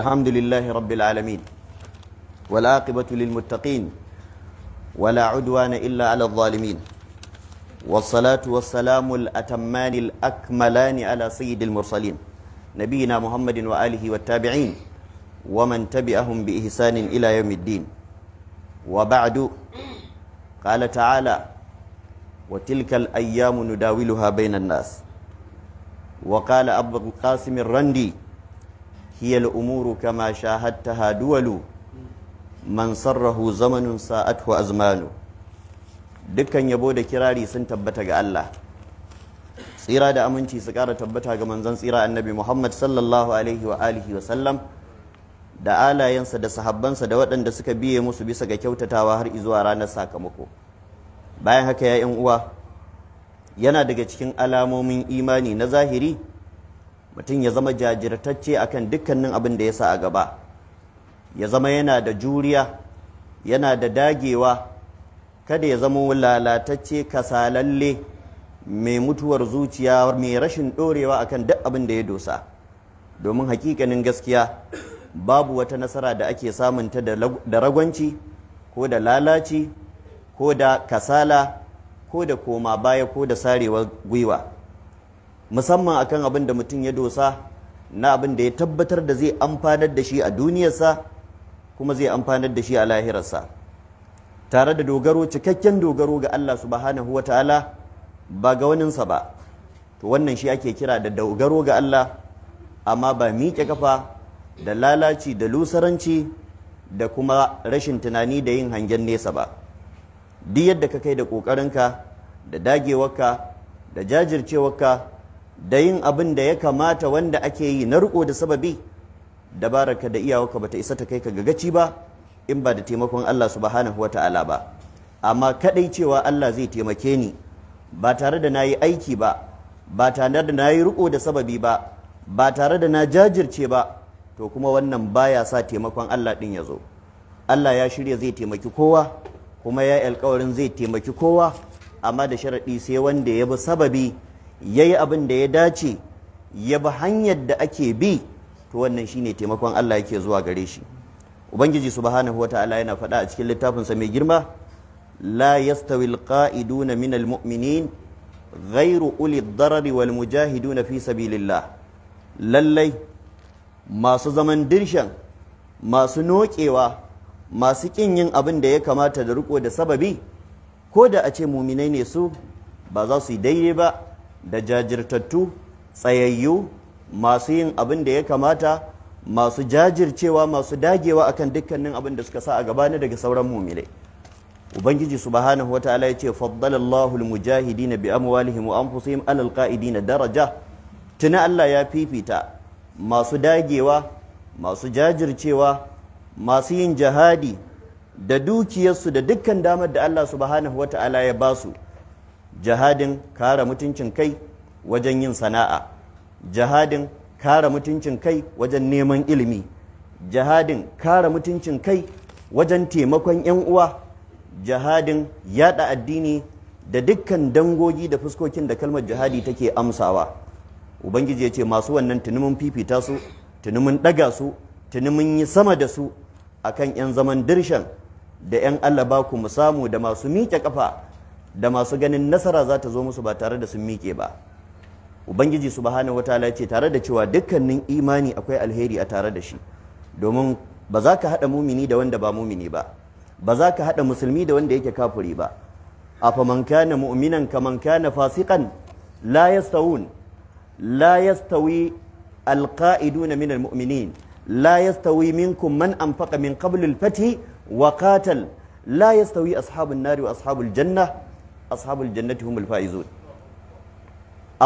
الحمد لله رب العالمين والعاقبة للمتقين ولا عدوان إلا على الظالمين والصلاة والسلام الأتمان الأكملان على سيد المرسلين نبينا محمد وآله والتابعين ومن تبعهم بإحسان إلى يوم الدين وبعد قال تعالى وتلك الأيام نداولها بين الناس وقال أبو القاسم الرندي هي الأمور كما شاهدتها دول من سره زمن ساءته dukkan yabo da kirari sun tabbata ga Allah tsira da aminci su ƙara tabbata ga manzon tsira annabi Muhammad sallallahu alaihi wa alihi wa sallam da alayensa da sahabbansa da waɗanda suka biye musu bisa ga kyautatawa har zuwa ranar sakamako bayan haka ya uwa yana daga cikin alamomin imani na zahiri mutum ya zama jajirtacce akan dukkanin abin da ya sa a gaba ya zama yana da juriya yana da dagewa kada ya zama lalatacce kasalalle mai mutuwar zuciya mai rashin dorewa akan duk abin da ya dosa domin hakikanin gaskiya babu wata nasara da ake samun ta da ragwanci ko da lalaci ko da kasala ko da koma baya ko da sarewar gwiwa musamman akan abin da mutum ya dosa na abin da ya tabbatar da zai amfanar da shi a duniyarsa kuma zai amfanar da shi a lahirarsa tare da dogaro cikakken dogaro ga Allah subhanahu wataala ba ga waninsa ba to wannan shi ake kira da dogaro ga Allah amma ba miƙe kafa da lalaci da lusaranci da kuma rashin tunani da yin hangen nesa ba duk yadda ka kai da ƙoƙarinka da dagewarka da jajircewarka da yin abin da ya kamata wanda ake yi na riko da sababi dabaraka da iyawarka bata isa ta kai ka gagaci ba in ba da taimakon Allah subhanahu wata'ala ba amma kadai cewa Allah zai taimake ni ba tare da nayi aiki ba ba tare da nayi riko da sababi ba ba tare da na jajirce ba to kuma wannan baya sa taimakon Allah din ya zo Allah ya shirya zai taimaki kowa kuma ya alƙawarin zai taimaki kowa amma da sharaɗi sai wanda ya bi sababi ya yi abin da ya dace ya bi hanyar da ake bi to wannan shine taimakon Allah yake zuwa gare shi ubangiji subhanahu ta'ala yana faɗa a cikin littafinsa mai girma la yastawi alqa'iduna min almu'minin ghairu uli darari wal na fi sabilillah lallai masu zaman dirshan masu nokewa masu kin yin abin da ya kamata da riko da sababi ko da a ce muminai ne su ba za su yi daidai ba da jajirtattu tsayayyu masu yin abin da ya kamata masu jajircewa masu dagewa akan dukkanin abin da suka sa a gabani daga sauran mumile ubangiji subhanahu wataala ya ce faddalallahu almujahidina bi amwalihim wa anfusihim alal na daraja tuna Allah ya fifita masu dagewa masu jajircewa masu yin jihadi da dukiyarsu da dukkan damar da Allah subhanahu wataala ya basu jihadin kare mutuncin kai wajen yin sana'a jihadin kare mutuncin kai wajen neman ilimi jihadin kare mutuncin kai wajen taimakon 'yan uwa jihadin yada addini da dukkan dangogi da fuskokin da kalmar jihadi take amsawa ubangiji ya ce masu wannan tunumin fifita su tunumin daga su tunumin yi sama da su akan 'yan zaman dirshan da 'yan allah ku mu samu da masu miƙe kafa da masu ganin nasara za ta zo musu ba tare da sun miƙe ba ubangiji subhanahu wataala ya ce tare da cewa dukkanin imani akwai alheri a tare da shi domin ba za ka haɗa mumini da wanda ba mumini ba ba za ka haɗa musulmi da wanda yake kafuri ba afa man kana mu'minan ka man kana fasiqan la yastawun la yastawi alqa'iduna min almu'minin la yastawi minkum man anfaqa min qabl alfathi wa qatal la ashabun nari wa janna ashabul jannati humul faizun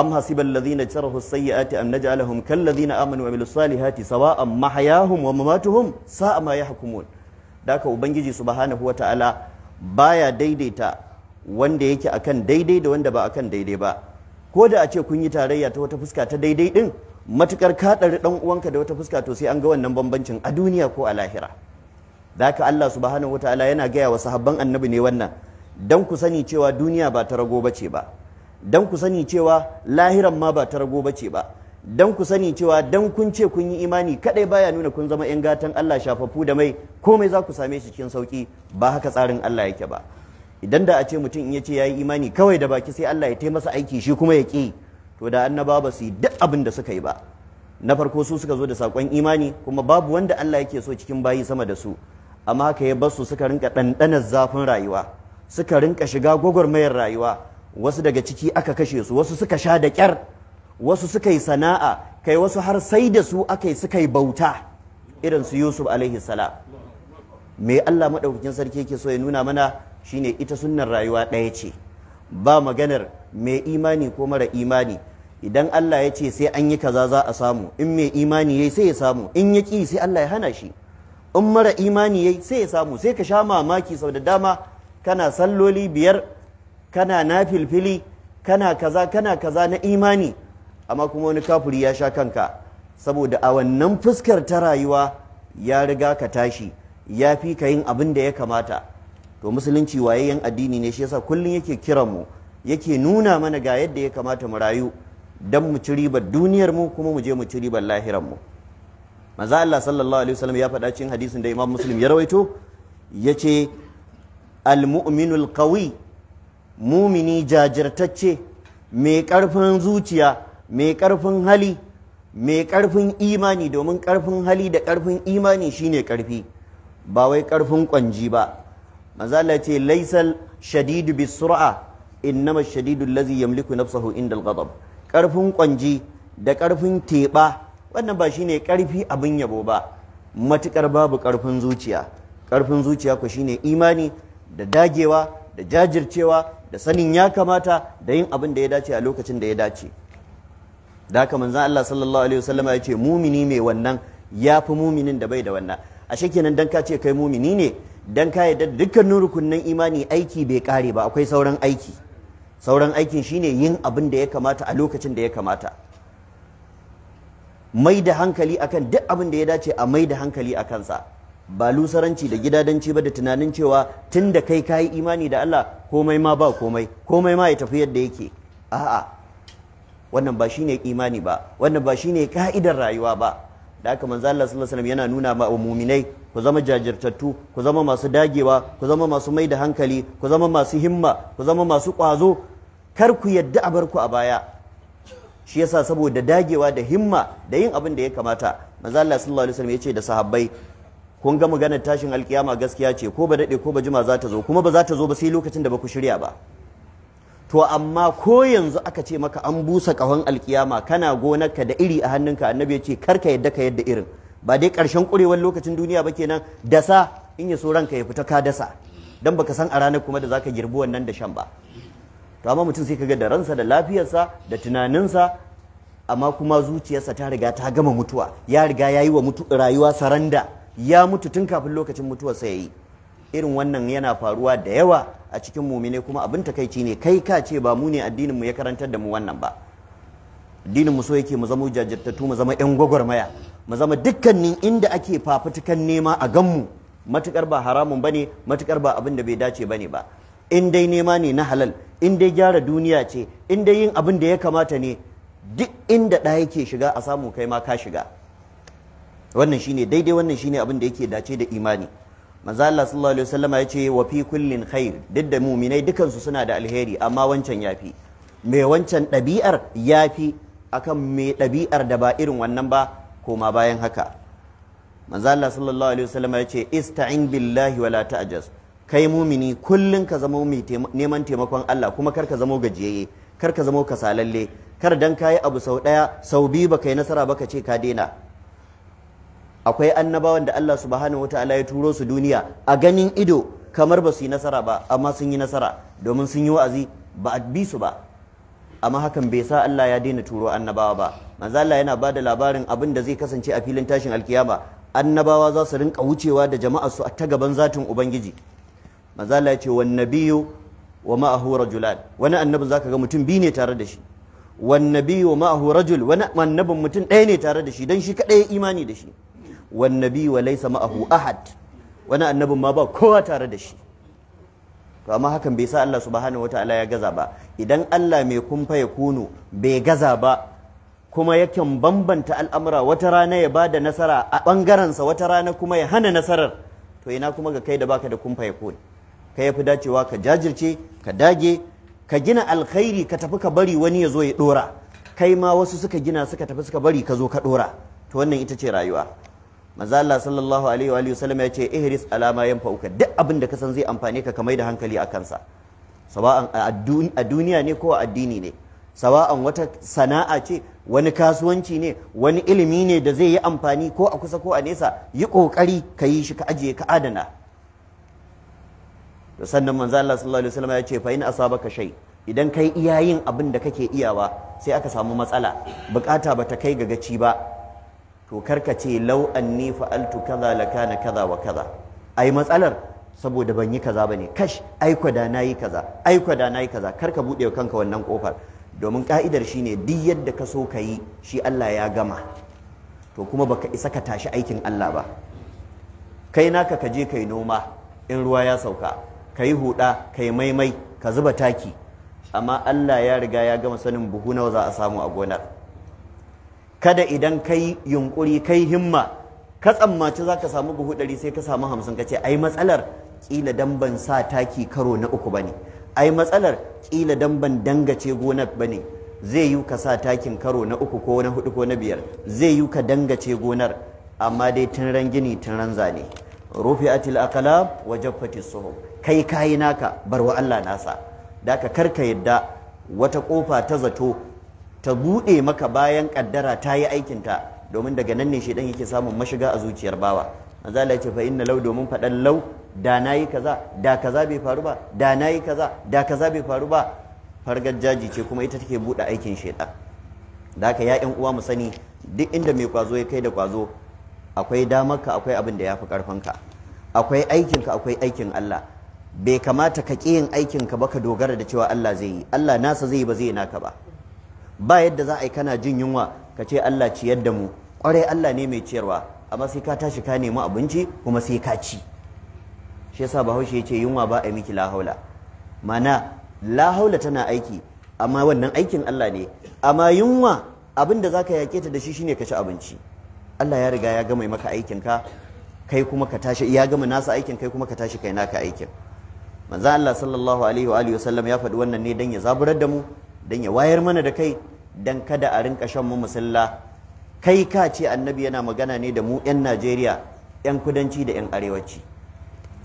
am hasiba alladhina jarahu sayyiati an naj'alahum kal ladhina amanu wa amilus salihati sawa'an mahayahum wa mamatuhum sa'a ma yahkumun daka ubangiji subhanahu wataala baya daidaita wanda yake akan daidai da wanda ba akan daidai ba ko da a ce kun yi tarayya ta wata fuska ta daidai din matukar ka ɗari ɗan uwanka da wata fuska to sai an ga wannan bambancin a duniya ko a lahira da haka Allah subhanahu wataala yana gaya wa sahabban annabi ne wannan don ku sani cewa duniya ba ta rago ba ce ba don ku sani cewa lahiran ma ba ta rago ba ce ba don ku sani cewa don kun ce kun yi imani kadai baya nuna kun zama yan gatan Allah shafafu da mai komai za ku same shi cikin sauki ba haka tsarin Allah yake ba idan da a ce mutum in ya ce ya yi imani kawai da baki sai Allah ya taimasa aiki shi kuma ya ƙi to da annaba ba su duk abin da suka yi ba na farko su suka zo da sakon imani kuma babu wanda Allah yake so cikin bayi sama da su amma haka ya bar su suka rinka ɗanɗanar zafin rayuwa suka rinka shiga gwagwarmayar rayuwa wasu daga ciki aka kashe su wasu suka sha da kyar wasu suka yi sana'a kai wasu har sai da su aka yi suka yi bauta irin su yusuf alaihi sala me allah maɗaukakin sarki yake so ya nuna mana shine ita sunnar rayuwa ɗaya ce ba maganar mai imani ko mara imani idan allah ya ce sai an yi kaza za a samu in mai imani yayi sai ya samu in ya ƙi sai allah ya hana shi in mara imani yayi sai ya samu sai ka sha mamaki sau da dama kana salloli biyar kana na filfili kana kaza kana kaza na imani amma kuma wani kafuri ya sha kanka saboda a wannan fuskar ta rayuwa ya riga ka tashi ya fi ka yin abin da ya kamata to musulunci wayayyen addini ne shi yasa kullum yake kira mu yake nuna mana ga yadda ya kamata mu rayu dan mu ci ribar duniyar mu kuma mu je mu ci ribar lahirar mu manzo Allah sallallahu alaihi wasallam ya faɗa cikin hadisin da Imam Muslim ya rawaito yace almu'minul qawi mumini jajirtacce mai ƙarfin zuciya mai ƙarfin hali mai ƙarfin imani domin ƙarfin hali da ƙarfin imani shine ƙarfi ba wai ƙarfin kwanji ba mazala ce laisal shadidu bisur'a innama shadidu allazi yamliku nafsahu inda al ƙarfin kwanji da ƙarfin teɓa wannan ba shine ƙarfi abin yabo ba matukar babu ƙarfin zuciya ƙarfin zuciya ku shine imani da dagewa da jajircewa da sanin ya kamata da yin abin da ya dace a lokacin da ya dace da haka manzan Allah sallallahu alaihi wasallama ya ce mumini mai wannan ya fi muminin da bai da wannan ashe kenan dan ka ce kai mumini ne dan ka yadda dukkanin rukunnan imani aiki bai kare ba akwai sauran aiki sauran aikin shine yin abin da ya kamata a lokacin da ya kamata mai da hankali akan duk abin da ya dace a mai da hankali a kansa ba lusaranci da gidadanci ba da tunanin cewa tun da kai kayi imani da Allah komai ma ba komai komai ma ya tafi yadda yake a'a wannan ba shine imani ba wannan ba shine ka'idar rayuwa ba da aka manzo Allah sallallahu alaihi yana nuna ma mu'minai ku zama jajirtattu ku zama masu dagewa ku zama masu mai da hankali ku zama masu himma ku zama masu kwazo kar ku yadda a barku a baya shi yasa saboda dagewa da himma da yin abin da ya kamata manzo Allah sallallahu alaihi wasallam yace da sahabbai kun ga maganar tashin alkiyama gaskiya ce ko ba daɗe ko ba jima za ta zo kuma ba za ta zo ba sai lokacin da ba ku shirya ba to amma ko yanzu aka ce maka an busa ƙahon alkiyama kana gonarka da iri a hannunka annabi ya ce karka yadda ka yadda irin ba dai ƙarshen ƙurewar lokacin duniya ba kenan dasa in ya so ranka ya fita ka dasa dan baka san a ranar kuma da zaka girbi wannan da shan ba to amma mutum sai kaga da ransa da lafiyarsa da tunaninsa amma kuma zuciyarsa ta riga ta gama mutuwa ya riga ya yi wa rayuwa saranda ya mutu tun kafin lokacin mutuwar ya yi irin wannan yana faruwa da yawa a cikin mumine kuma abin takaici ne kai ka ce ba mu ne addinin mu ya karantar da mu wannan ba Addinin mu so yake mu zama jajirtattu mu zama yan gwagwarmaya mu zama dukkanin inda ake fafutukan nema a ganmu matukar ba haramun bane matukar ba abin da bai dace bane ba in dai nema ne na halal in dai gyara duniya ce in dai yin abin da ya kamata ne duk inda ɗaya yake shiga a samu kai ma ka shiga wannan shine daidai wannan shine abin da yake dace da imani manzo Allah sallallahu alaihi wasallam ya ce wa fi kullin khair duk da muminai dukansu suna da alheri amma wancan yafi mai wancan ɗabi'ar yafi akan mai ɗabi'ar da ba irin wannan ba koma bayan haka manzo Allah sallallahu alaihi wasallam ya ce ista'in billahi wala ta'jaz kai mumini kullun ka zama mai neman taimakon Allah kuma kar ka zama gajiyayye kar ka zama kasalalle kar dan kayi abu sau daya sau biyu baka yi nasara baka ce ka daina akwai annabawan da Allah subhanahu wataala ya turo su duniya a ganin ido kamar ba su yi nasara ba amma sun yi nasara domin sun yi wa'azi ba a bi su ba amma hakan bai sa Allah ya daina turo annabawa ba manzo Allah yana bada labarin abin da zai kasance a filin tashin alkiyama annabawa za su rinka wucewa da jama'a su a ta gaban zatin ubangiji manzo Allah ya ce wan nabiyyu wa ma'ahu rajulan wani annabin zaka ga mutum biyu ne tare da shi wan nabiyyu ma'ahu rajul wani annabin mutum ɗaya ne tare da shi dan shi kadai imani da shi Wannabi wa Laisa ma'ahu ahad wani annabin ma ba kowa tare da shi to amma hakan bai sa Allah subhanahu ta'ala ya gaza ba idan Allah mai kumfa ya kunu bai gaza ba kuma yakan bambanta al'amura wata rana ya bada nasara a bangaransa wata rana kuma ya hana nasarar to ina kuma ga kai da baka da kumfa ya kunu kai yafi dacewa ka jajirce ka dage ka gina alkhairi ka tafi ka bari wani ya zo ya dora kai ma wasu suka gina suka tafi suka bari ka zo ka dora to wannan ita ce rayuwa manzo Allah sallallahu alaihi wa sallam ya ce ihris alama yanfa'uka duk abin da ka san zai amfane ka kamai da hankali a kansa sawa'an a duniya ne ko a addini ne sawa'an wata sana'a ce wani kasuwanci ne wani ilimi ne da zai yi amfani ko a kusa ko a nesa yi kokari ka yi shi ka ajiye ka adana da sannan manzo Allah sallallahu alaihi wasallam ya ce fa in asabaka shay idan kai iya yin abin da kake iyawa sai aka samu matsala bukata bata kai ga gaci ba to karka ce lau ni fa'altu kaza lakana kaza wa kaza ai matsalar saboda ban yi kaza ne. kash ai na yi kaza ai na nayi kaza karka bude kanka wannan kofar domin ka'idar shine duk yadda ka so ka yi shi Allah ya gama to kuma baka isa ka tashi aikin Allah ba kai naka ka je kai noma in ruwa ya sauka Ka huɗa huda yi maimai ka zuba taki amma Allah ya riga ya gama sanin buhu nawa za a samu a gonar kada idan kai yunkuri kai himma ka tsammaci za ka samu buhu ɗari sai ka samu hamsin ka ce ai matsalar ƙila dan ban sa taki karo na uku ba ne. ai matsalar ƙila dan ban dangace gonar ne. zai yi ka sa takin karo na uku ko na hudu ko na biyar zai yi ka dangace gonar amma dai tun ran gini tun ran zane rufi atil akala wajen jaffati soho. kai kayi naka barwa Allah nasa da ka karka yadda wata ƙofa ta zato ta buɗe maka bayan kaddara ta yi aikinta domin daga nan ne shaidan yake samun mashiga a zuciyar bawa maza Allah ya ce fa inna law domin faɗan law da nayi kaza da kaza bai faru ba da nayi kaza da kaza bai faru ba fargar jaji ce kuma ita take buɗe aikin shaidan da haka ya uwa mu sani duk inda mai kwazo ya kai da kwazo akwai damar ka akwai abin da ya fi ka akwai aikin ka akwai aikin Allah bai kamata ka ƙi yin aikinka ba ka dogara da cewa Allah zai yi Allah nasa zai yi ba zai naka ba ba yadda za a yi kana jin yunwa ka ce Allah ciyar da mu ƙwarai Allah ne mai ciyarwa amma sai ka tashi ka nemi abinci kuma sai ka ci shi yasa bahaushe ya ce yunwa ba a yi miki lahaula mana lahaula tana aiki amma wannan aikin Allah ne amma yunwa abin da zaka yake ta da shi shine ka ci abinci Allah ya riga ya gama maka aikin ka kai kuma ka tashi ya gama nasa aikin kai kuma ka tashi kai naka aikin manzo Allah sallallahu alaihi wa alihi wasallam ya faɗi wannan ne dan ya zaburar da mu don ya wayar mana da kai don kada a rinka shan mu musulla kai ka ce annabi yana magana ne da mu 'yan najeriya 'yan kudanci da 'yan arewaci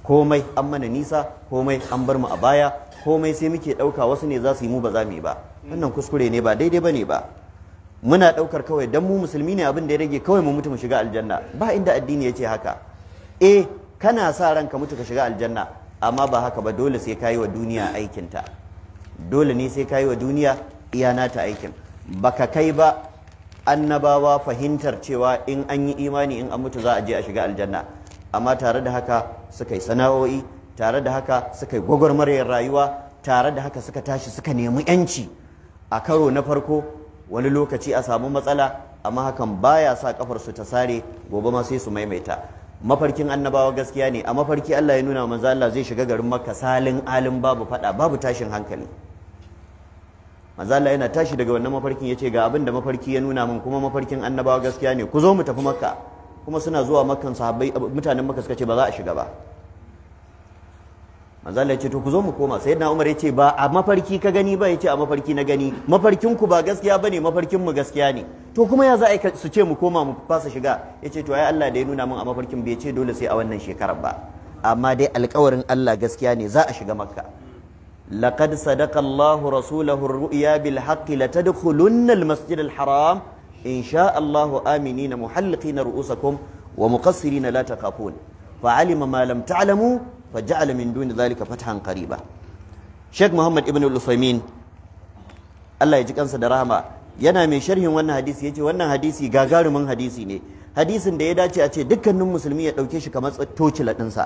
komai an mana nisa komai an bar mu a baya komai sai muke ɗauka wasu ne za su yi mu ba za mu yi ba wannan kuskure ne ba daidai ba ne ba muna ɗaukar kawai don mu musulmi ne abin da ya rage kawai mu mutu mu shiga aljanna ba inda addini ya ce haka eh kana sa ranka mutu ka shiga aljanna amma ba haka ba dole sai ka yi wa duniya aikinta dole ne sai ka yi wa duniya iya nata aikin baka kai ba annabawa fahimtar cewa in an yi imani in an mutu za a je a shiga aljanna amma tare da haka suka yi sana'o'i tare da haka suka yi gwagwarmarayar rayuwa tare da haka suka tashi suka nemi yanci a karo na farko wani lokaci a samu matsala amma hakan baya sa kafar su ta sare gobe ma sai su maimaita mafarkin annabawa gaskiya ne a mafarki Allah ya nuna manzo Allah zai shiga garin Makka salin alin babu fada babu tashin hankali manzo Allah yana tashi daga wannan mafarkin yace ga abin da mafarki ya nuna min kuma mafarkin annabawa gaskiya ne ku zo mu tafi makka kuma suna zuwa makkan sahabbai mutanen makka suka ce ba za a shiga ba manzo Allah yace to ku zo mu koma sayyidina Umar yace ba a mafarki ka gani ba yace a mafarki na gani mafarkin ku ba gaskiya bane mafarkin mu gaskiya ne to kuma ya za a su ce mu koma mu fasa shiga yace to ai Allah da ya nuna min a mafarkin bai ce dole sai a wannan shekarar ba amma dai alƙawarin Allah gaskiya ne za a shiga makka لقد صدق الله رسوله الرؤيا بالحق لتدخلن المسجد الحرام إن شاء الله آمنين محلقين رؤوسكم ومقصرين لا تخافون فعلم ما لم تعلموا فجعل من دون ذلك فتحا قريبا شيخ محمد ابن الأثيمين الله يجيك أنسى درهما yana mai sharhin wannan hadisi yace wannan hadisi gagarumin hadisi ne hadisin da ya dace a ce dukkanin musulmi ya dauke shi kamar tocila dinsa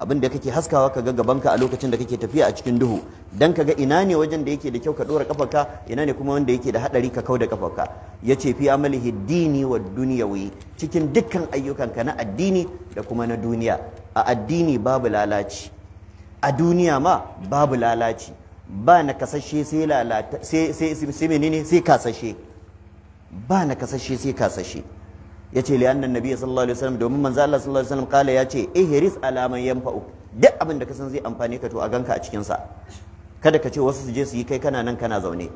abin da kake haskawa ka ga gabanka a lokacin da kake tafiya a cikin duhu dan ka ga ina ne wajen da yake da kyau ka dora kafarka ina ne kuma wanda yake da hadari ka kauda kafarka yace fi amalihi dini wa dunyawi cikin dukkan ayyukanka na addini da kuma na duniya a addini babu lalaci a duniya ma babu lalaci ba na kasashe sai lalata sai sai sai menene sai kasashe ba na kasashe sai kasashe yace liyan nan nabi sallallahu alaihi wasallam domin manzo Allah sallallahu alaihi wasallam kala ce ihris ala man yanfa'u duk abin da ka san zai amfane ka to a ganka a cikin sa kada ka ce wasu su je su yi kai kana nan kana zaune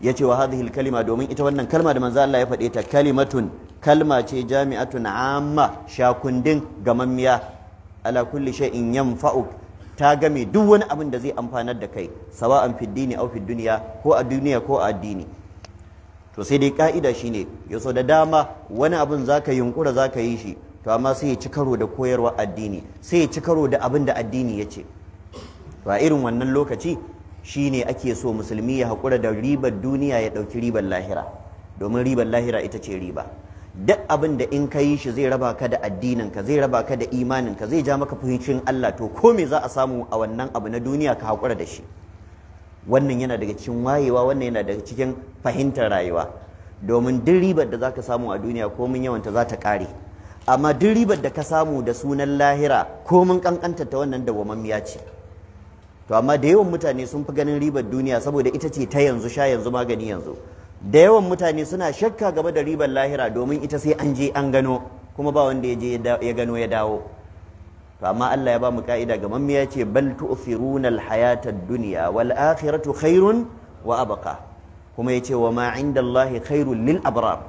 ya yace wa hadhihi kalima domin ita wannan kalma da manzo Allah ya faɗe ta kalimatun kalma ce jami'atun amma shakundin gamammiya ala kulli shay'in yanfa'u ta game duk wani abin da zai amfanar da kai sawa'an fid dini aw fid dunya ko a duniya ko a addini to sai dai ka'ida shine ya da dama wani abin zaka yunkura zaka yi shi to amma sai ya ci karo da koyarwa addini sai ya ci karo da abin da addini ya ce to a irin wannan lokaci shi ne ake so musulmi ya haƙura da ribar duniya ya ɗauki ribar lahira domin ribar lahira ita ce riba duk abin da in ka yi shi zai raba ka da addinin ka zai raba ka da imanin ka zai ja maka fahimcin Allah to ko me za a samu a wannan abu na duniya ka haƙura da shi wannan yana daga cikin wayewa wannan yana daga cikin fahimtar rayuwa domin duk ribar da zaka samu a duniya komin yawanta za ta kare amma duk ribar da ka samu da sunan lahira komin kankanta ta wannan da ya ce to amma da yawan mutane sun fi ganin ribar duniya saboda ita ce ta yanzu sha yanzu magani yanzu da yawan mutane suna shakka game da ribar lahira domin ita sai an je an gano kuma ba wanda ya je ya gano ya dawo to amma Allah ya ba mu ka'ida ga ya ce bal tu'thiruna al-hayata dunya wal akhiratu khairun wa abqa kuma yace wa ma 'inda Allah khairul lil abrar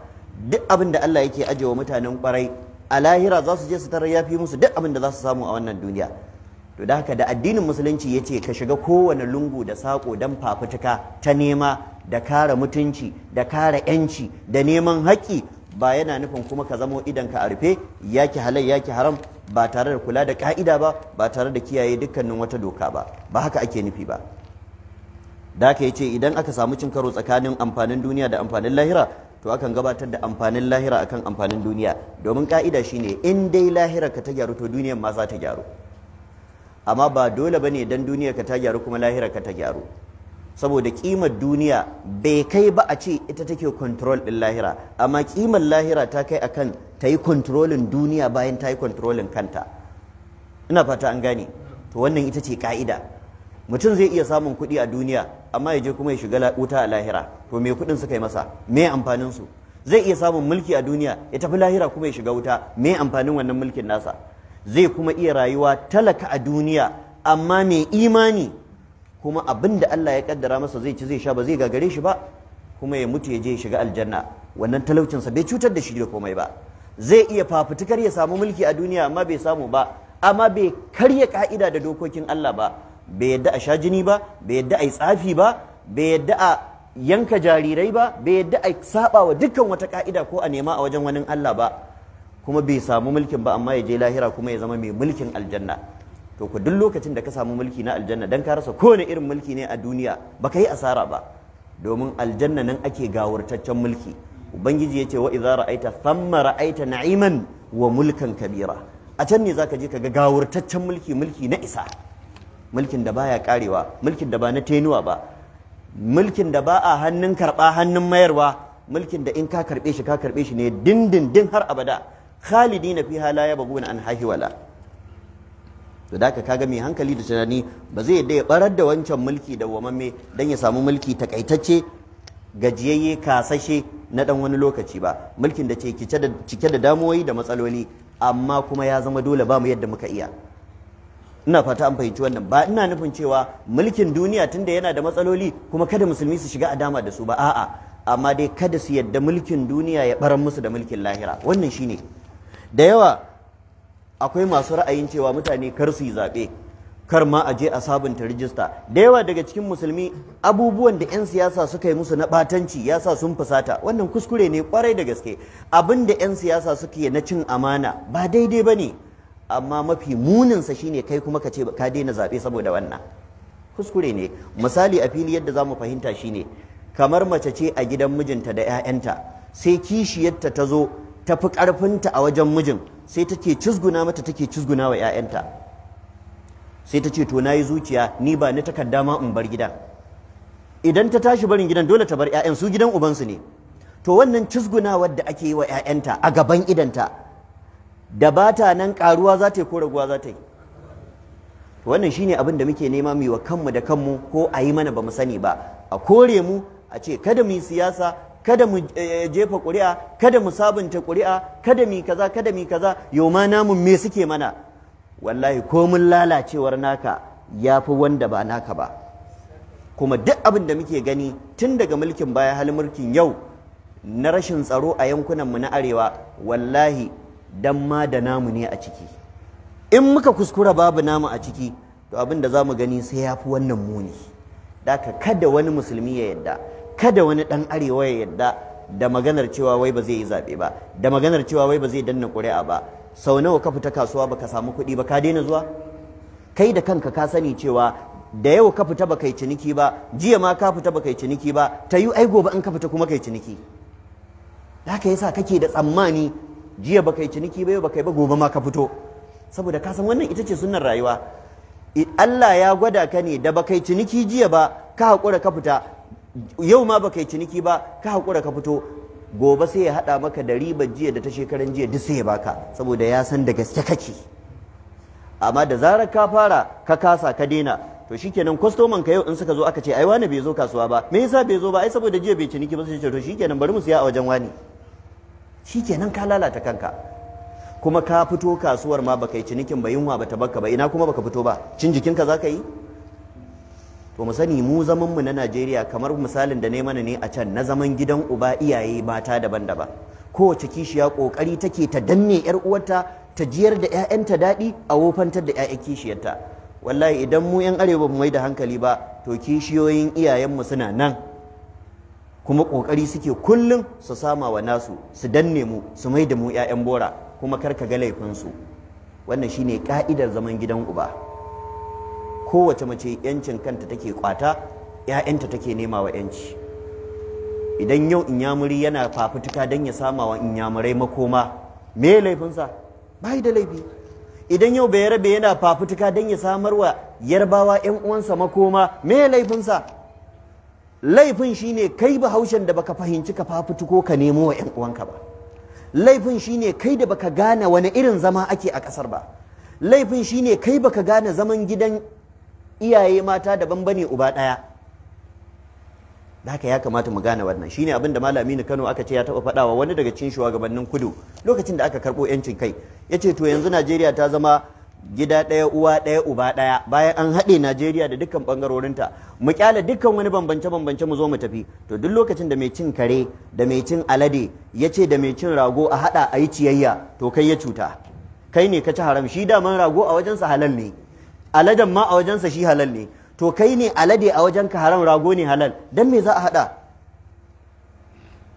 duk abin da Allah yake ajewa mutanen kwarai a lahira za su je su tarar yafi musu duk abin da za su samu a wannan duniya to da haka da addinin musulunci yace ka shiga kowane lungu da sako dan fafutuka ta nema da kare mutunci da kare yanci da neman haƙƙi ba yana nufin kuma ka zamo idanka a rufe yaki halal yaki haram ba tare da kula da ka'ida ba ba tare da kiyaye dukkanin wata doka ba ba haka ake nufi ba da haka ce idan aka samu cin karo tsakanin amfanin duniya da amfanin lahira to akan gabatar da amfanin lahira akan amfanin duniya domin ka'ida shine in dai lahira ka ta gyaru to duniyar ma za ta gyaru amma ba dole bane dan duniyar ka ta gyaru kuma lahira ka ta gyaru saboda kimar duniya bai kai ba a ce ita take control din lahira amma kimar lahira ta kai akan ta yi controlling duniya bayan ta yi controlling kanta ina fata an gane to wannan ita ce ka'ida mutum zai iya samun kuɗi a duniya amma ya je kuma ya shiga wuta a lahira to me kuɗin suka yi masa me amfanin zai iya samun mulki a duniya ya tafi lahira kuma ya shiga wuta me amfanin wannan mulkin nasa zai kuma iya rayuwa talaka a duniya amma mai imani kuma abin da Allah ya kaddara masa zai ci zai sha ba zai gagare shi ba kuma ya mutu ya je ya shiga aljanna wannan sa bai cutar da shi da komai ba zai iya fafutukar ya samu mulki a duniya amma bai samu ba amma bai karya ka'ida da dokokin Allah ba bai yadda a sha jini ba bai yadda a yi tsafi ba bai yadda a yanka jarirai ba bai yadda a saba wa dukkan wata ka'ida ko a nema a wajen wani Allah ba kuma bai samu mulkin ba amma ya je lahira kuma ya zama mai mulkin aljanna to ku duk lokacin da ka samu mulki na aljanna dan ka rasa kowane irin mulki ne a duniya baka yi asara ba domin aljanna nan ake gawurtaccen mulki ubangiji ya ce wa idza ra'aita thamma ra'aita na'iman wa mulkan kabira a can ne zaka je kaga gawurtaccen mulki mulki na isa mulkin da baya karewa mulkin da ba na tenuwa ba mulkin da ba a hannun karba hannun mayarwa mulkin da in ka karbe shi ka karbe shi ne dindindin har abada khalidina fiha la yabghuna an hahiwala to da kaga mai hankali da tunani ba zai yadda ya barar da wancan mulki da wamamme don ya samu mulki takaitacce gajiyayye kasashe na dan wani lokaci ba mulkin da ce cike da damuwoyi da matsaloli amma kuma ya zama dole ba mu yadda muka iya ina fata an fahimci wannan ba ina nufin cewa mulkin duniya tunda yana da matsaloli kuma kada musulmi su shiga adama da su ba a'a amma dai kada su yadda mulkin duniya ya barar musu da mulkin lahira wannan shine da yawa akwai masu ra'ayin cewa mutane kar su yi zaɓe kar ma a je a sabunta rijista da yawa daga cikin musulmi abubuwan da 'yan siyasa suka yi musu na ɓatanci ya sa sun fusata wannan kuskure ne kwarai da gaske abin da 'yan siyasa suke na cin amana ba daidai ba ne amma mafi muninsa shine kai kuma ka ce ka daina zaɓe saboda wannan kuskure ne misali a fili yadda za mu fahimta shine kamar mace ce a gidan mijinta da 'ya'yanta sai kishiyarta ta zo Tafi fi ƙarfinta a wajen mijin sai take cizguna mata take cizguna wa 'ya'yanta sai ta ce to nayi zuciya ni ba ni takarda ma in bar gidan idan ta tashi barin gidan dole ta bar 'ya'yan su gidan ubansu ne to wannan cizgunawar da ake yi wa 'ya'yanta a gaban idanta da ba ta nan ƙaruwa za ta yi ko raguwa za ta yi wannan shine abin da muke nema mu wa kanmu da kanmu ko a yi mana ba mu sani ba a kore mu a ce kada mu yi siyasa kada mu eh, eh, jefa ƙuri'a kada mu sabunta ƙuri'a kada mi kaza kada mi kaza yau ma namun me suke mana wallahi ko mun lalacewar naka ya fi wanda ba naka ba kuma duk abin da muke gani tun daga mulkin baya hal mulkin yau na rashin tsaro a yankunan mu na arewa wallahi dan ma da namu ne a ciki in muka kuskura babu namu a ciki to abin da za mu gani sai ya fi wannan muni daka kada wani musulmi ya yadda kada wani ɗan arewa ya yadda da maganar cewa wai ba zai yi zaɓe ba da maganar cewa wai ba zai danna ƙuri'a ba sau nawa ka fita kasuwa baka samu kuɗi ba ka daina zuwa kai da kanka ka sani cewa da yau ka fita baka yi ciniki ba jiya ma ka fita baka yi ciniki ba ta yi ai gobe in ka fita kuma kai ciniki haka yasa kake da tsammani jiya baka yi ciniki ba yau baka yi ba gobe ma ka fito saboda ka san wannan ita ce sunnar rayuwa Allah ya gwada ka ne da baka yi ciniki jiya ba ka haƙura ka fita yau ma baka yi ciniki ba ka haƙura ka fito gobe sai ya haɗa maka da ribar jiya da ta shekaran jiya duk sai ya baka saboda ya san da gaske kake amma da zarar ka fara ka kasa ka daina to shikenan kwastoman ka yau in suka zo aka ce ai wani bai zo kasuwa ba me yasa bai zo ba ai saboda jiya bai ciniki ba sai ce to shikenan bari mu siya a wajen wani shikenan ka lalata kanka kuma ka fito kasuwar ma baka yi cinikin ba yunwa bata baka ba ina kuma baka fito ba cin jikinka ka yi to mu sani mu zaman mu na Najeriya kamar misalin da ne mana ne a can na zaman gidan uba iyaye mata daban-daban kowace kishiya kokari take ta danne yar uwarta ta jiyar da ƴaƴanta daɗi a wofantar da ƴaƴan kishiyarta wallahi idan mu yan arewa mu mai da hankali ba to kishiyoyin iyayenmu suna nan kuma kokari suke kullum su sama wa nasu su danne mu su mai da mu ƴaƴan bora kuma kar ka ga su wannan shine ka'idar zaman gidan uba kowace mace yancin kanta take kwata ƴaƴanta take nema wa yanci idan yau inyamuri yana fafutuka don ya sama wa inyamurai makoma me laifinsa bai da laifi idan yau bayarabe yana fafutuka don ya samar wa yarbawa yan uwansa makoma me laifinsa laifin shine kai bahaushen da baka fahimci ka fafutuko ka nemo wa yan uwanka ba laifin shine kai da baka gane wani irin zama ake a ƙasar ba laifin shine kai baka gane zaman gidan iyaye mata daban bane uba ɗaya haka ya kamata mu gane wannan shine abin da malami Kano aka ce ya taba fadawa wani daga cikin shugabannin kudu lokacin da aka karbo yancin kai yace to yanzu Najeriya ta zama gida ɗaya uwa ɗaya uba ɗaya bayan an haɗe Najeriya da dukkan bangarorinta mu kyale dukkan wani bambance bambance mu zo mu tafi to duk lokacin da mai cin kare da mai cin alade yace da mai cin rago a hada a yi ciyayya to kai ya cuta kai ne ka ci haram shi daman rago a wajensa halal ne aladen ma a wajensa shi halal ne to kai ne alade a wajenka haram rago ne halal dan me za a hada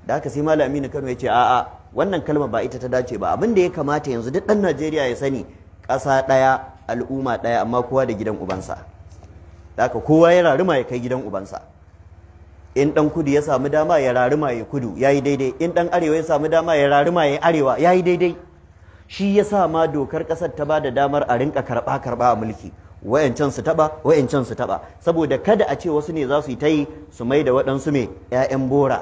da haka sai malam Aminu Kano yace ce a'a wannan kalma ba ita ta dace ba abin da ya kamata yanzu duk dan Najeriya ya sani ƙasa ɗaya al'umma ɗaya amma kowa da gidan ubansa da haka kowa ya raruma ya kai gidan ubansa in dan kudu ya samu dama ya raruma ya kudu yayi daidai in dan arewa ya samu dama ya raruma ya arewa yayi daidai shi yasa ma dokar ƙasar ta ba da damar a rinka karɓa karɓa a mulki wayancan su taba wayancan su taba saboda kada a ce wasu ne za su yi ta yi su mai da waɗansu me 'ya'yan bora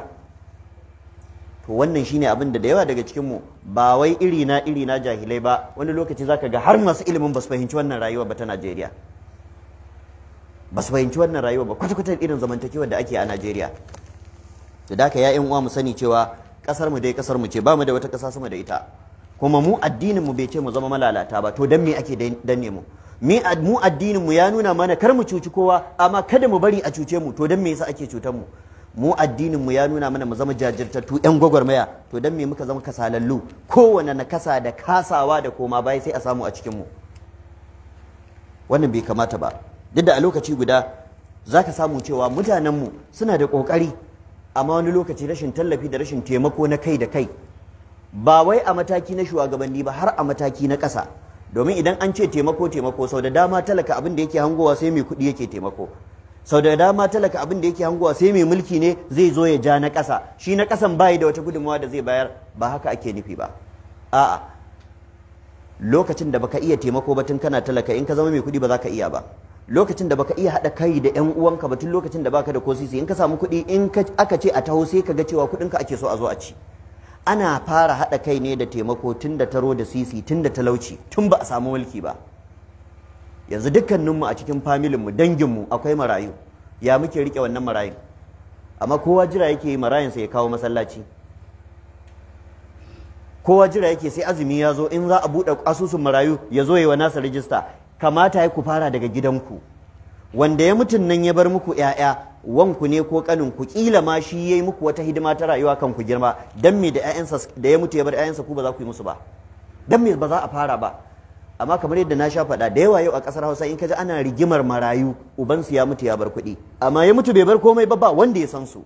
to wannan shine abin da da yawa daga cikin mu ba wai iri na iri na jahilai ba wani lokaci zaka ga har masu ilimin ba su fahimci wannan rayuwa ba ta Najeriya ba su fahimci wannan rayuwa ba kwata-kwata irin zamantakewa da ake a Najeriya da daka ya'yan uwa mu sani cewa kasar mu dai kasar mu ce ba mu da wata kasa sama da ita kuma mu addinin mu bai ce mu zama malalata ba to dan me ake danne mu mu addinin mu ya nuna mana kar mu cuci kowa amma kada mu bari a cuce mu to dan me yasa ake cutar mu mu addinin mu ya nuna mana mu zama jajirtattu yan gwagwarmaya to dan me muka zama kasalallu na nakasa da kasawa da koma bai sai a samu a cikin mu wannan bai kamata ba duk da a lokaci guda zaka samu cewa mutanen mu suna da kokari amma wani lokaci rashin tallafi da rashin taimako na kai da kai ba wai a mataki na shugabanni ba har a mataki na ƙasa domin idan an ce taimako taimako sau da dama talaka abin da yake hangowa sai mai kuɗi yake taimako sau da dama talaka abin da yake hangowa sai mai mulki ne zai zo ya ja na ƙasa shi na ƙasan bayi da wata gudunmawa da zai bayar ba haka ake nufi ba a'a lokacin da baka iya taimako ba tun kana talaka in ka zama mai kuɗi ba za ka iya ba lokacin da baka iya haɗa kai da 'yan uwanka ba tun lokacin da baka da kosisi in ka samu kuɗi in aka ce a taho sai ka ga cewa kuɗinka ake so a zo a ci ana fara haɗa kai ne da taimako tun da taro da sisi tun da talauci tun ba a samu mulki ba yanzu dukkaninmu a cikin familinmu danginmu akwai marayu ya muke riƙe wannan marayun amma kowa jira yake yi marayunsa ya kawo masallaci kowa jira yake sai azumi ya zo in za a buɗe asusun marayu ya zo yi wa nasa rijista kamata ya ku fara daga gidanku wanda ya mutum nan ya bar muku 'ya'ya wanku ne ko kanin ku kila ma shi yayi muku wata hidima ta rayuwa kan ku girma dan me da ƴaƴansa da ya mutu ya bar ƴaƴansa ku ba za ku yi musu ba dan me ba za a fara ba amma kamar yadda na sha faɗa da yawa yau a ƙasar Hausa in kaji ana rigimar marayu ubansu ya mutu ya bar kuɗi amma ya mutu bai bar komai ba ba wanda ya san su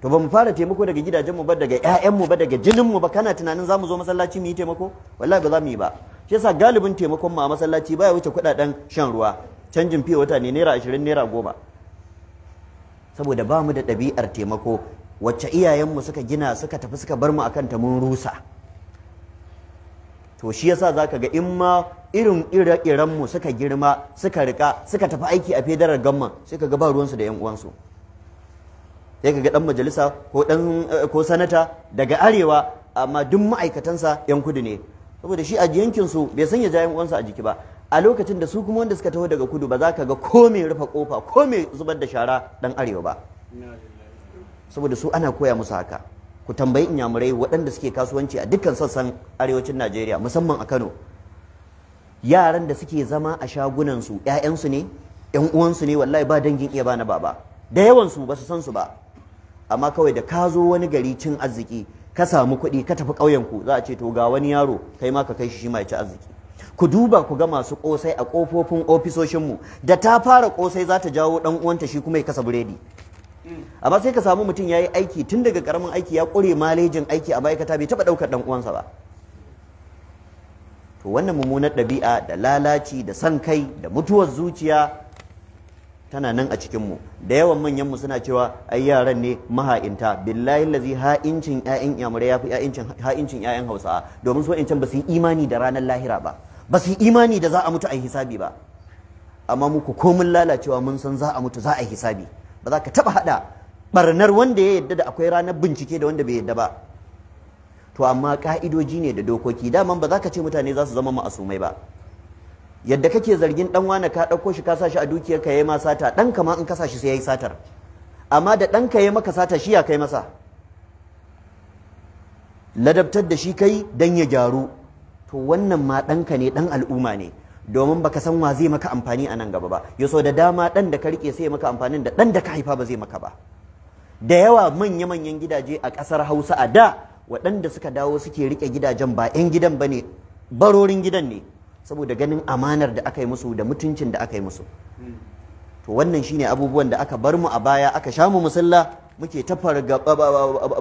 to ba mu fara taimako daga gidajenmu ba daga ƴaƴanmu ba daga jininmu ba kana tunanin za mu zo masallaci mu yi taimako wallahi ba za mu yi ba shi yasa galibin taimakon mu a masallaci baya wuce kuɗaɗen shan ruwa canjin fiye wata ne naira ashirin naira goma saboda ba mu da ɗabi'ar taimako wacce iyayenmu suka gina suka tafi suka bar mu akan ta mun rusa to shi yasa zaka ga in ma irin ire-iren mu suka girma suka rika suka tafi aiki a fedarar gamma sai ka ga ba ruwansu da yan uwansu sai ka ga dan majalisa ko dan eh, ko sanata daga arewa amma duk ma'aikatansa yan kudu ne saboda shi a yankin su bai san ya ja yan uwansa a jiki ba a lokacin da su kuma wanda suka taho daga kudu ba za ka ga ko mai rufe kofa ko mai zubar da shara dan arewa ba saboda su ana koya musu haka ku tambayi inyamurai waɗanda suke kasuwanci a dukkan sassan arewacin najeriya musamman a kano yaran da suke zama a shagunansu 'ya'yansu ne 'yan uwansu ne wallahi ba dangin iya ba na baba da yawansu ba su san su ba amma kawai da ka zo wani gari cin arziki ka samu kuɗi ka tafi ƙauyenku za a ce to ga wani yaro kai ma ka kai shi shi ma ya ci arziki ku duba ku ga masu kosai a kofofin ofisoshinmu da ta fara kosai za ta jawo dan uwanta shi kuma ya kasa buredi amma sai ka samu mutum ya yi aiki tun daga karamin aiki ya kure malejin aiki a ma'aikata bai taba ɗaukar ɗan uwansa ba to wannan mummunar ɗabi'a da lalaci da san kai da mutuwar zuciya tana nan a cikin mu da yawan mu suna cewa ai yaran ne maha'inta billahi lazi ha'incin 'ya'yan yamurai ya fi ha'incin ya'in hausa domin su wa'incan ba su yi imani da ranar lahira ba ba su yi imani da za a mutu a hisabi ba amma muku komin lalacewa mun san za a mutu za a hisabi ba za ka taba hada barnar wanda ya yadda da akwai ranar bincike da wanda bai yadda ba to amma ka'idoji ne da dokoki daman ba za ka ce mutane za su zama ma'asumai ba yadda kake zargin dan wane ka ɗauko shi ka sa shi a dukiyar ka yayi ma sata dan kama in ka sa shi sai yayi satar amma da dan ka maka sata shi ya kai masa ladabtar da shi kai dan ya gyaru to wannan ma ɗanka ne ɗan al'umma ne domin baka san wa zai maka amfani a nan gaba ba yaso da dama ɗan da ka rike sai maka amfanin da ɗan da ka haifa ba zai maka ba da yawa manya-manyan gidaje a ƙasar hausa a da waɗanda suka dawo suke rike gidajen ba 'yan gidan ba ne barorin gidan ne saboda ganin amanar da aka yi musu da mutuncin da aka yi musu to wannan shine abubuwan da aka bar mu a baya aka sha mu musulla muke ta fargaba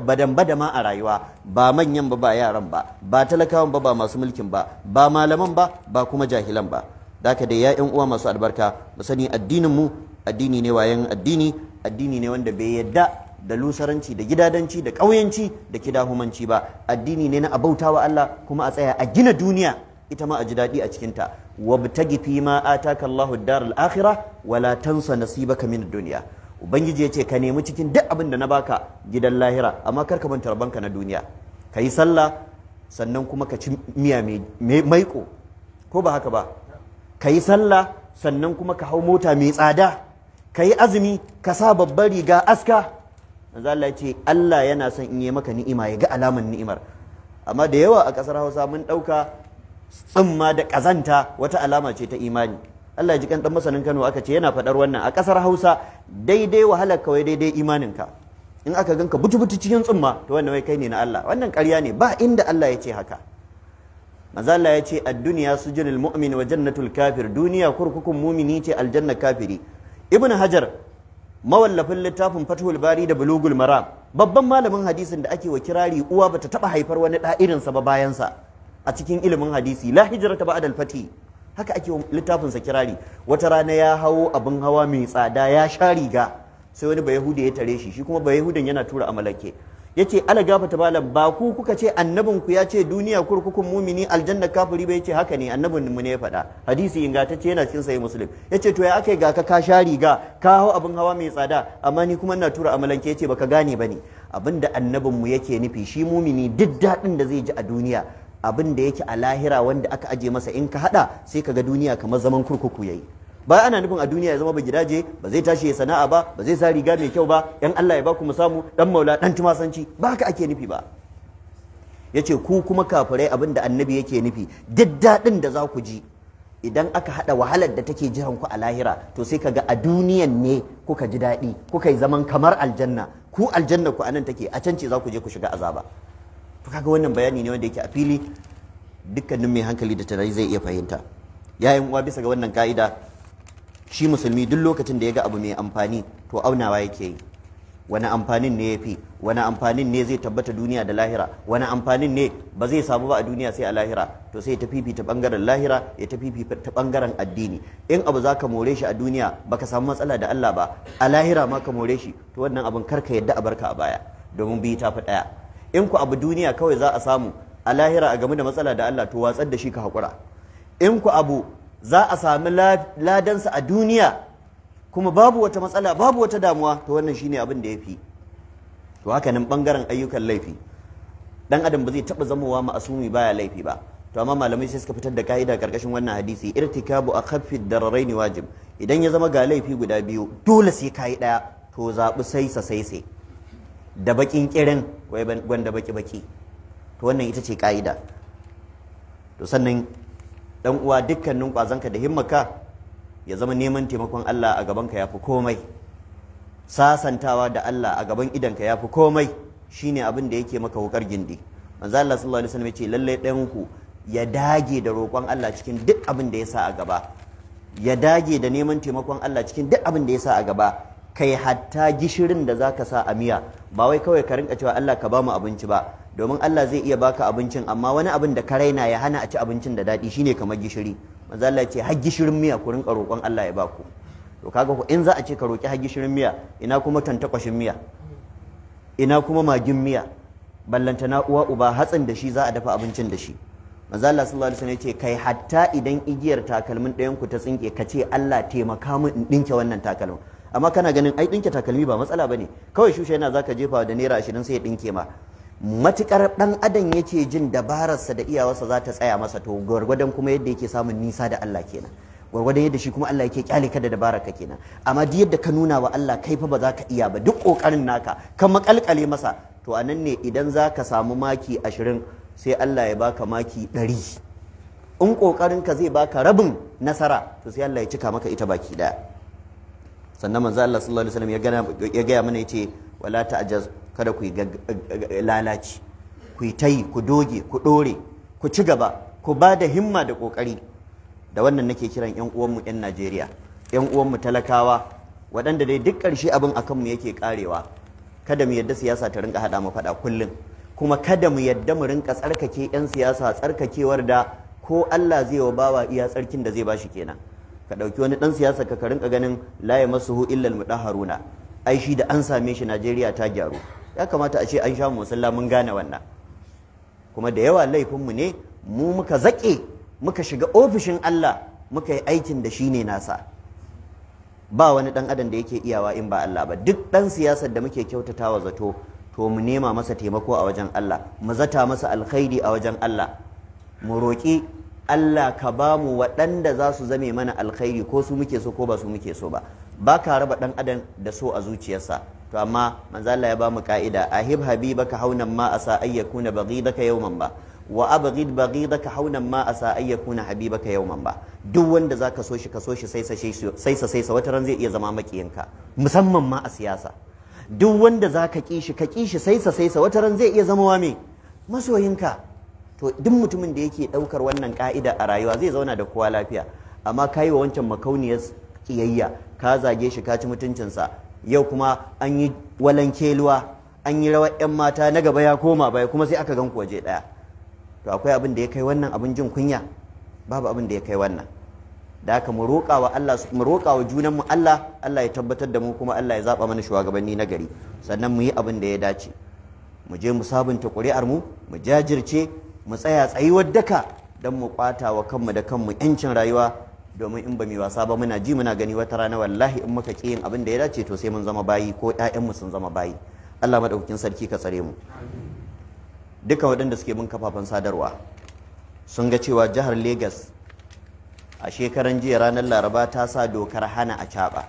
badan badama a rayuwa ba manyan ba ba yaran ba ba talakawan ba ba masu mulkin ba ba malaman ba ba kuma jahilan ba daka da ya uwa masu albarka mu sani addinin mu addini ne wayan addini addini ne wanda bai yadda da lusaranci da gidadanci da ƙauyenci da kidahumanci ba addini ne na abautawa Allah kuma a tsaya a gina duniya ita ma a ji daɗi a cikin ta wabtagi fi ma ataka Allahu ad al-akhirah wala tansa nasibaka min ad-dunya ubangiji ya ce ka nemi cikin duk abin da na baka gidan lahira amma kar ka manta rabanka na duniya ka yi sallah sannan kuma ka ci miya mai maiko ko ba haka ba ka yi sallah sannan kuma ka hau mota mai tsada ka yi azumi ka sa babbar riga aska manzo Allah ce Allah yana son in yi maka ni'ima ya ga alaman ni'imar amma da yawa a kasar Hausa mun dauka tsumma da kazanta wata alama ce ta imani Allah ji kan dan masanin Kano aka ce yana faɗar wannan a kasar Hausa daidai wahalar kawai daidai imaninka in aka ganka buci-buci cikin tsumma to wannan wai kai ne na Allah wannan ƙarya ne ba inda Allah ya ce haka manzo Allah ya ce ad-dunya sujunul mu'min wa jannatul kafir duniya kurkukun mumini ce aljanna kafiri ibnu hajar mawallafin littafin fathul bari da bulugul maram babban malamin hadisin da ake wa kirari uwa bata taba haifar wani da irinsa ba bayansa a cikin ilimin hadisi la hijrata ba al-fatih haka ake littafin sa kirari wata rana ya hawo abin hawa mai tsada ya sha riga sai wani ba ya tare shi shi kuma ba yana tura amalake yace ala ta malam ba ku kuka ce annabin ku ya ce duniya kurkukun mumini aljanna kafiri ba yace haka ne annabin mu ne ya faɗa hadisi ingantacce yana cikin sahih muslim yace to ya akai ga ka ka sha riga ka hau abin hawa mai tsada amma ni kuma ina tura amalanke yace ka gane bane abinda annabin mu yake nufi shi mumini duk daɗin da zai ji a duniya abin da yake a lahira wanda aka aje masa in ka hada sai ka ga duniya kamar zaman kurkuku yayi ba ana nufin a duniya ya zama ba gidaje ba zai tashi ya sana'a ba ba zai sa riga mai kyau ba yan Allah ya baku musamu, samu dan maula dan tumasanci ba haka ake nufi ba yace ku kuma kafirai abin da annabi yake nufi duk dadin da za ku ji idan aka hada wahalar da take jiran ku a lahira to sai ka ga a duniyan ne kuka ji daɗi kuka yi zaman kamar aljanna ku aljanna ku anan take a can ce za ku je ku shiga azaba to kaga wannan bayani ne wanda yake a fili dukkanin mai hankali da tunani zai iya fahimta yayin uwa bisa ga wannan ka'ida shi musulmi duk lokacin da ya ga abu mai amfani to aunawa yake yi wani amfanin ne ya fi wani amfanin ne zai tabbata duniya da lahira wani amfanin ne ba zai samu ba a duniya sai a lahira to sai ya tafi ta bangaren lahira ya tafi ta bangaren addini in abu za ka more shi a duniya baka samu matsala da Allah ba a lahira ma ka more shi to wannan abin karka yadda a barka a baya domin biyu ta fi ɗaya in ku abu duniya kawai za a samu a lahira a game da matsala da Allah to watsar da shi ka haƙura in ku abu za a sami ladansa a duniya kuma babu wata matsala babu wata damuwa to wannan shine abin da ya fi to haka nan bangaren ayyukan laifi dan adam ba zai taɓa zamowa ma'asumi baya laifi ba to amma malamai sai suka fitar da ka'ida karkashin wannan hadisi irtikabu akhaffi dararaini wajib idan ya zama ga laifi guda biyu dole sai kai daya to zabi sai sa sai da bakin kirin gwanda baki baki to wannan ita ce ka'ida to sannan dan uwa dukkanin kwazanka da himmaka ya zama neman taimakon Allah a gabanka fi komai sasantawa da Allah a gaban idanka fi komai shine abin da yake maka wukar gindi manzo Allah sallallahu alaihi wasallam ya ce lalle dan ku ya dage da roƙon Allah cikin duk abin da ya sa a gaba ya dage da neman taimakon Allah cikin duk abin da ya sa a gaba kai hatta gishirin da za ka sa a miya ba wai kawai ka rinka cewa Allah ka bamu abinci ba domin Allah zai iya baka abincin amma wani abin da ka raina ya hana a ci abincin da daɗi shine kamar gishiri manzo Allah ya ce har gishirin miya ku rinka roƙon Allah ya baku to kaga ku in za a ce ka roƙi har gishirin miya ina kuma tantakwashin miya ina kuma magin miya ballanta na uwa uba hatsin da shi za a dafa abincin da shi manzo Allah sallallahu alaihi wasallam ya ce kai hatta idan igiyar takalmin ɗayan ku ta tsinke ka ce Allah taimaka min in ɗinke wannan takalmin amma kana ganin ai dinke takalmi ba matsala bane kawai shushe yana zaka jefa da naira 20 sai ya dinke ma matukar dan adam yake jin dabararsa da iyawarsa za ta tsaya masa to gwargwadon kuma yadda yake samun nisa da Allah kenan gwargwadon yadda shi kuma Allah yake kyale ka da ka kenan amma duk yadda ka nuna wa Allah kai fa ba za ka iya ba duk kokarin naka ka makalkale masa to anan ne idan zaka samu maki 20 sai Allah ya baka maki 100 in kokarin ka zai baka rabin nasara to sai Allah ya cika maka ita baki daya sannan manzo Allah sallallahu alaihi wasallam ya gana ya ga mana yace wala ta'jaz kada ku lalaci ku yi tayi ku doge ku dore ku ci gaba ku ba da himma da kokari da wannan nake kiran yan mu yan Najeriya yan uwanmu talakawa waɗanda dai duk ƙarshe abin akan mu yake karewa kada mu yadda siyasa ta rinka hada mu fada kullum kuma kada mu yadda mu rinka tsarkake yan siyasa tsarkakewar da ko Allah zai wa bawa iya tsarkin da zai bashi kenan ka ɗauki wani ɗan siyasa ka karinka ganin masu hu illal mu ɗan ai shi da an same shi Najeriya ta gyaru ya kamata a ce an sha mu musalla mun gane wannan kuma da yawa laifinmu ne mu muka zaƙe muka shiga ofishin Allah muka yi aikin da shi ne nasa ba wani ɗan adam da yake iyawa in ba Allah ba duk ɗan siyasar da muke kyautata wa zato to mu nema masa taimako a wajen Allah mu zata masa alkhairi a wajen Allah mu roƙi Allah ka ba mu waɗanda za su zame mana alkhairi ko su muke so ko ba su muke so ba ba ka raba ɗan adam da so a zuciyarsa to amma manzo Allah ya ba mu ka'ida ahib habibaka haunan ma asa ayyakuna baghidaka yawman ba wa abghid baghidaka haunan ma asa ayyakuna habibaka yawman ba duk wanda zaka so shi ka so shi sai sai sai sai sai sai wata ran zai iya zama makiyinka musamman ma a siyasa duk wanda zaka ki shi ka ki shi sai sai wata ran zai iya zama wa me masoyinka to duk mutumin da yake ɗaukar wannan ka'ida a rayuwa zai zauna da kowa lafiya amma ka yi wa wancan makauniyar kiyayya ka zage shi ka ci mutuncinsa yau kuma an yi keluwa an yi rawar 'yan mata na gaba ya koma baya kuma sai aka gan ku waje daya to akwai abin da ya kai wannan abin jin kunya babu abin da ya kai wannan da haka mu roƙa wa Allah mu roƙa junan mu Allah Allah ya tabbatar da mu kuma Allah ya zaba mana shugabanni na gari sannan mu yi abin da ya dace mu je mu sabunta ƙuri'ar mu mu jajirce mu tsaya tsayuwar daka don mu kwata wa kanmu da kanmu yancin rayuwa domin in ba mai wasa ba muna ji muna gani wata rana wallahi in muka kiyin yin abin da ya dace to sai mun zama bayi ko ƴaƴanmu sun zama bayi Allah madaukakin sarki ka tsare mu duka waɗanda suke bin kafafen sadarwa sun ga cewa jihar Legas a shekaran jiya ranar Laraba ta sa dokar hana a caɓa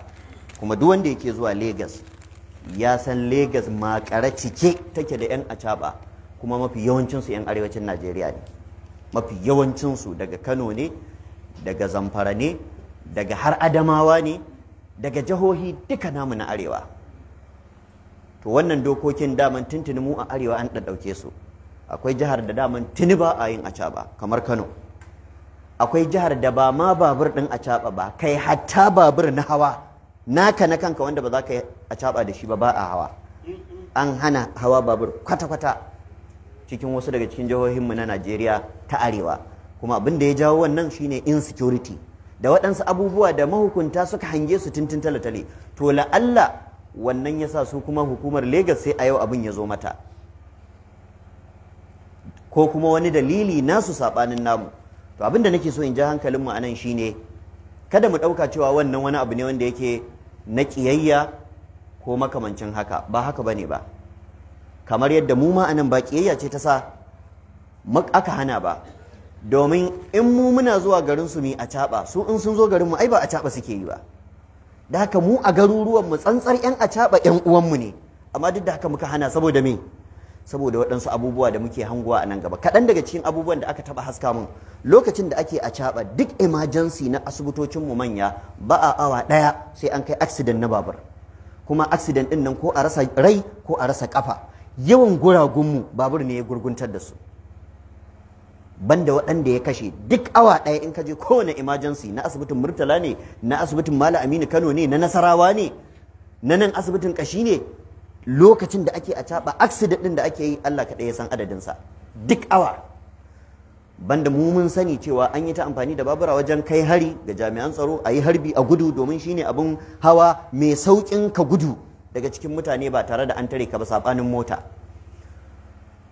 kuma duk wanda yake zuwa Legas ya san Legas makare cike take da 'yan a kuma mafi yawancinsu 'yan arewacin najeriya ne mafi yawancinsu daga kano ne daga zamfara ne daga har adamawa ne daga jihohi duka namu na arewa to wannan dokokin daman tuntuni mu a arewa an ɗaɗɗauke su akwai jihar da daman tuni ba a yin acaba kamar kano akwai jihar da ba ma babur ɗin acaba ba kai hatta babur na hawa naka na kanka wanda ba za ka yi acaba da shi ba ba a hawa an hana hawa babur kwata-kwata cikin wasu daga cikin jihohinmu na Najeriya ta arewa kuma abin da ya jawo wannan shine insecurity da waɗansu abubuwa da mahukunta suka hange su tintin talatale. to la'alla wannan yasa su kuma hukumar Legas sai a yau abin ya zo mata ko kuma wani dalili nasu saɓanin namu to abin da nake so in ji hankalinmu a nan shine kada mu ɗauka cewa wannan wani abu ne wanda yake na kiyayya ko makamancin haka ba haka bane ba kamar yadda mu ma anan ba kiyayya ce ta sa aka hana ba domin in mu muna zuwa garin su mi a caba su in sun zo garin mu ai ba a caba suke yi ba da haka mu a garuruwan mu tsantsar yan a caba yan uwan mu ne amma duk da haka muka hana saboda me saboda waɗansu abubuwa da muke hanguwa a nan gaba kaɗan daga cikin abubuwan da aka taɓa haska mun lokacin da ake a caɓa duk emergency na asibitocin mu manya ba a awa ɗaya sai an kai accident na babur kuma accident ɗin nan ko a rasa rai ko a rasa ƙafa yawan guragunmu babur ne ya gurguntar da su banda waɗanda ya kashe duk awa ɗaya in ka je kowane emergency na asibitin murtala ne na asibitin mala aminu kano ne na nasarawa ne na nan asibitin kashi ne lokacin da ake a caɓa accident ɗin da ake yi allah kaɗai ya san adadinsa duk awa banda mu mun sani cewa an yi ta amfani da babura wajen kai hari ga jami'an tsaro a yi harbi a gudu domin shine abin hawa mai saukin ka gudu daga cikin mutane ba tare da an tare ka ba sabanin mota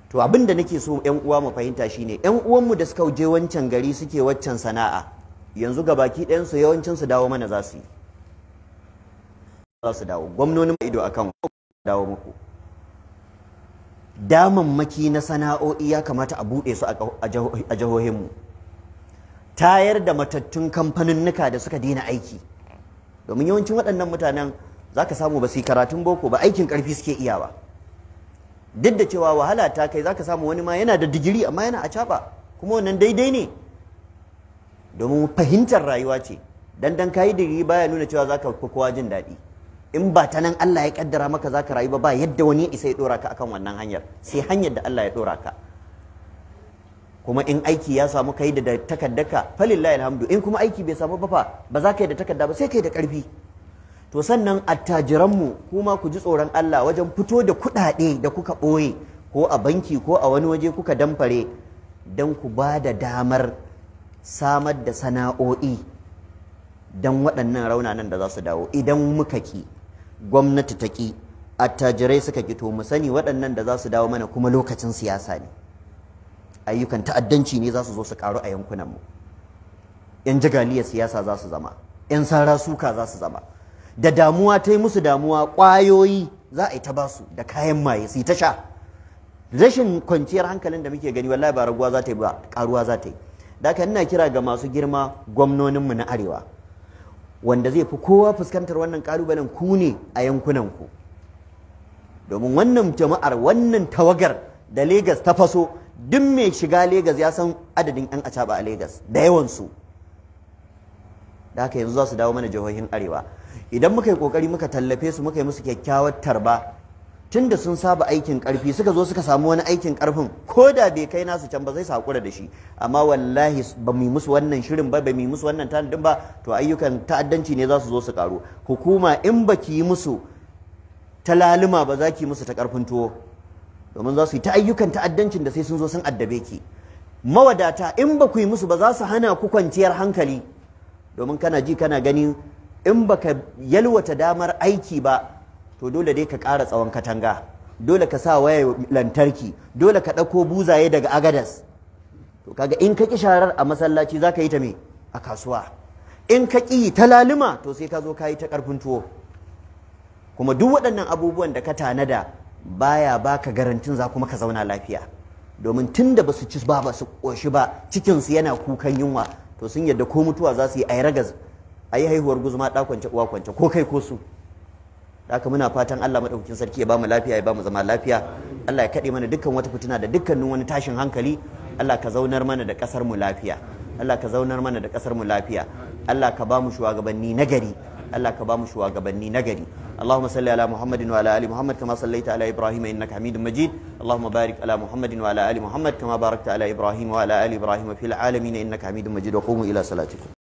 to abin da nake so ƴan uwa mu fahimta shine uwan uwanmu da suka je wancan gari suke waccan sana'a yanzu ga baki ɗayan su yawancin su dawo mana za su yi za su dawo gwamnonin ido akan dawo muku damammaki na sana'o'i ya kamata a buɗe su a mu tayar da matattun kamfanin nuka da suka daina aiki domin yawancin waɗannan mutanen Zaka samu ba su yi karatun boko ba aikin karfi suke iya ba duk da cewa wahala ta kai zaka samu wani ma yana da digiri amma yana a caba kuma wannan daidai ne domin fahimtar rayuwa ce Dandan kayi digiri baya nuna cewa zaka kowa jin daɗi in ba ta nan Allah ya kaddara maka za rayu ba ba yadda wani isa ya ɗora ka akan wannan hanyar sai hanyar da Allah ya ɗora ka kuma in aiki ya samu kai da takaddaka falillahi alhamdu in kuma aiki bai samu ba fa ba za ka yi da takadda ba sai kai da karfi to sannan attajiranmu kuma ku ji tsoron Allah wajen fito da kuɗaɗe da kuka ɓoye ko a banki ko a wani waje kuka damfare don ku ba da damar samar da sana'o'i don waɗannan raunanan da za su dawo idan muka ki gwamnati ta ki attajirai suka ki to mu sani waɗannan da za su dawo mana kuma lokacin siyasa ne ayyukan ta'addanci ne za su zo su karu a yankunanmu 'yan jagaliyar siyasa za su zama 'yan sara suka za su zama da damuwa ta yi musu damuwa ƙwayoyi za a yi ta basu da kayan maye su yi ta sha rashin kwanciyar hankalin da muke gani wallahi ba raguwa za ta yi ba karuwa za ta yi da haka ina kira ga masu girma gwamnoninmu na arewa wanda zai fi kowa fuskantar wannan kalubalen ku ne a yankunan ku domin wannan jama'ar wannan tawagar da Legas ta faso duk mai shiga Legas ya san adadin 'yan acaba a Legas da yawansu da haka yanzu za su dawo mana jihohin arewa idan muka yi kokari muka tallafe su muka yi musu kyakkyawar tarba tunda sun saba aikin karfi suka zo suka samu wani aikin karfin ko da bai kai nasu can ba zai su hakura da shi amma wallahi ba mu musu wannan shirin ba ba mu musu wannan tanadin ba to ayyukan ta'addanci ne za su zo su karu hukuma in baki yi musu ta laluma ba za ki musu ta karfin tuwo domin za su yi ta ayyukan ta'addancin da sai sun zo sun addabe ki mawadata in ba ku yi musu ba za su hana ku kwanciyar hankali domin kana ji kana ganin in baka yalwata damar aiki ba to dole dai ka ƙara tsawon katanga dole ka sa waya lantarki dole ka ɗauko buzaye daga agadas to kaga in ka ƙi sharar a masallaci za ka yi ta me a kasuwa in ka ƙi ta lalima. to sai ka zo ka yi ta ƙarfin tuwo kuma duk waɗannan abubuwan da ka tanada baya baka garantin za kuma ka zauna lafiya domin tun da ba su ci ba ba su ƙoshi ba cikinsu yana kukan yunwa to sun yadda ko mutuwa za su yi ragas a yi haihuwar guzuma ɗa kwance uwa kwance ko kai ko su haka muna fatan Allah madaukakin sarki ya bamu lafiya ya bamu zama lafiya Allah ya kaɗe mana dukkan wata fitina da dukkanin wani tashin hankali Allah ka zaunar mana da kasar mu lafiya Allah ka zaunar mana da kasar mu lafiya Allah ka bamu shugabanni nagari Allah ka bamu shugabanni nagari اللهم صل على محمد وعلى ال محمد كما صليت على ابراهيم انك حميد مجيد اللهم بارك على محمد وعلى ال محمد كما باركت على ابراهيم وعلى ال ابراهيم في العالمين انك حميد مجيد وقوموا الى صلاتكم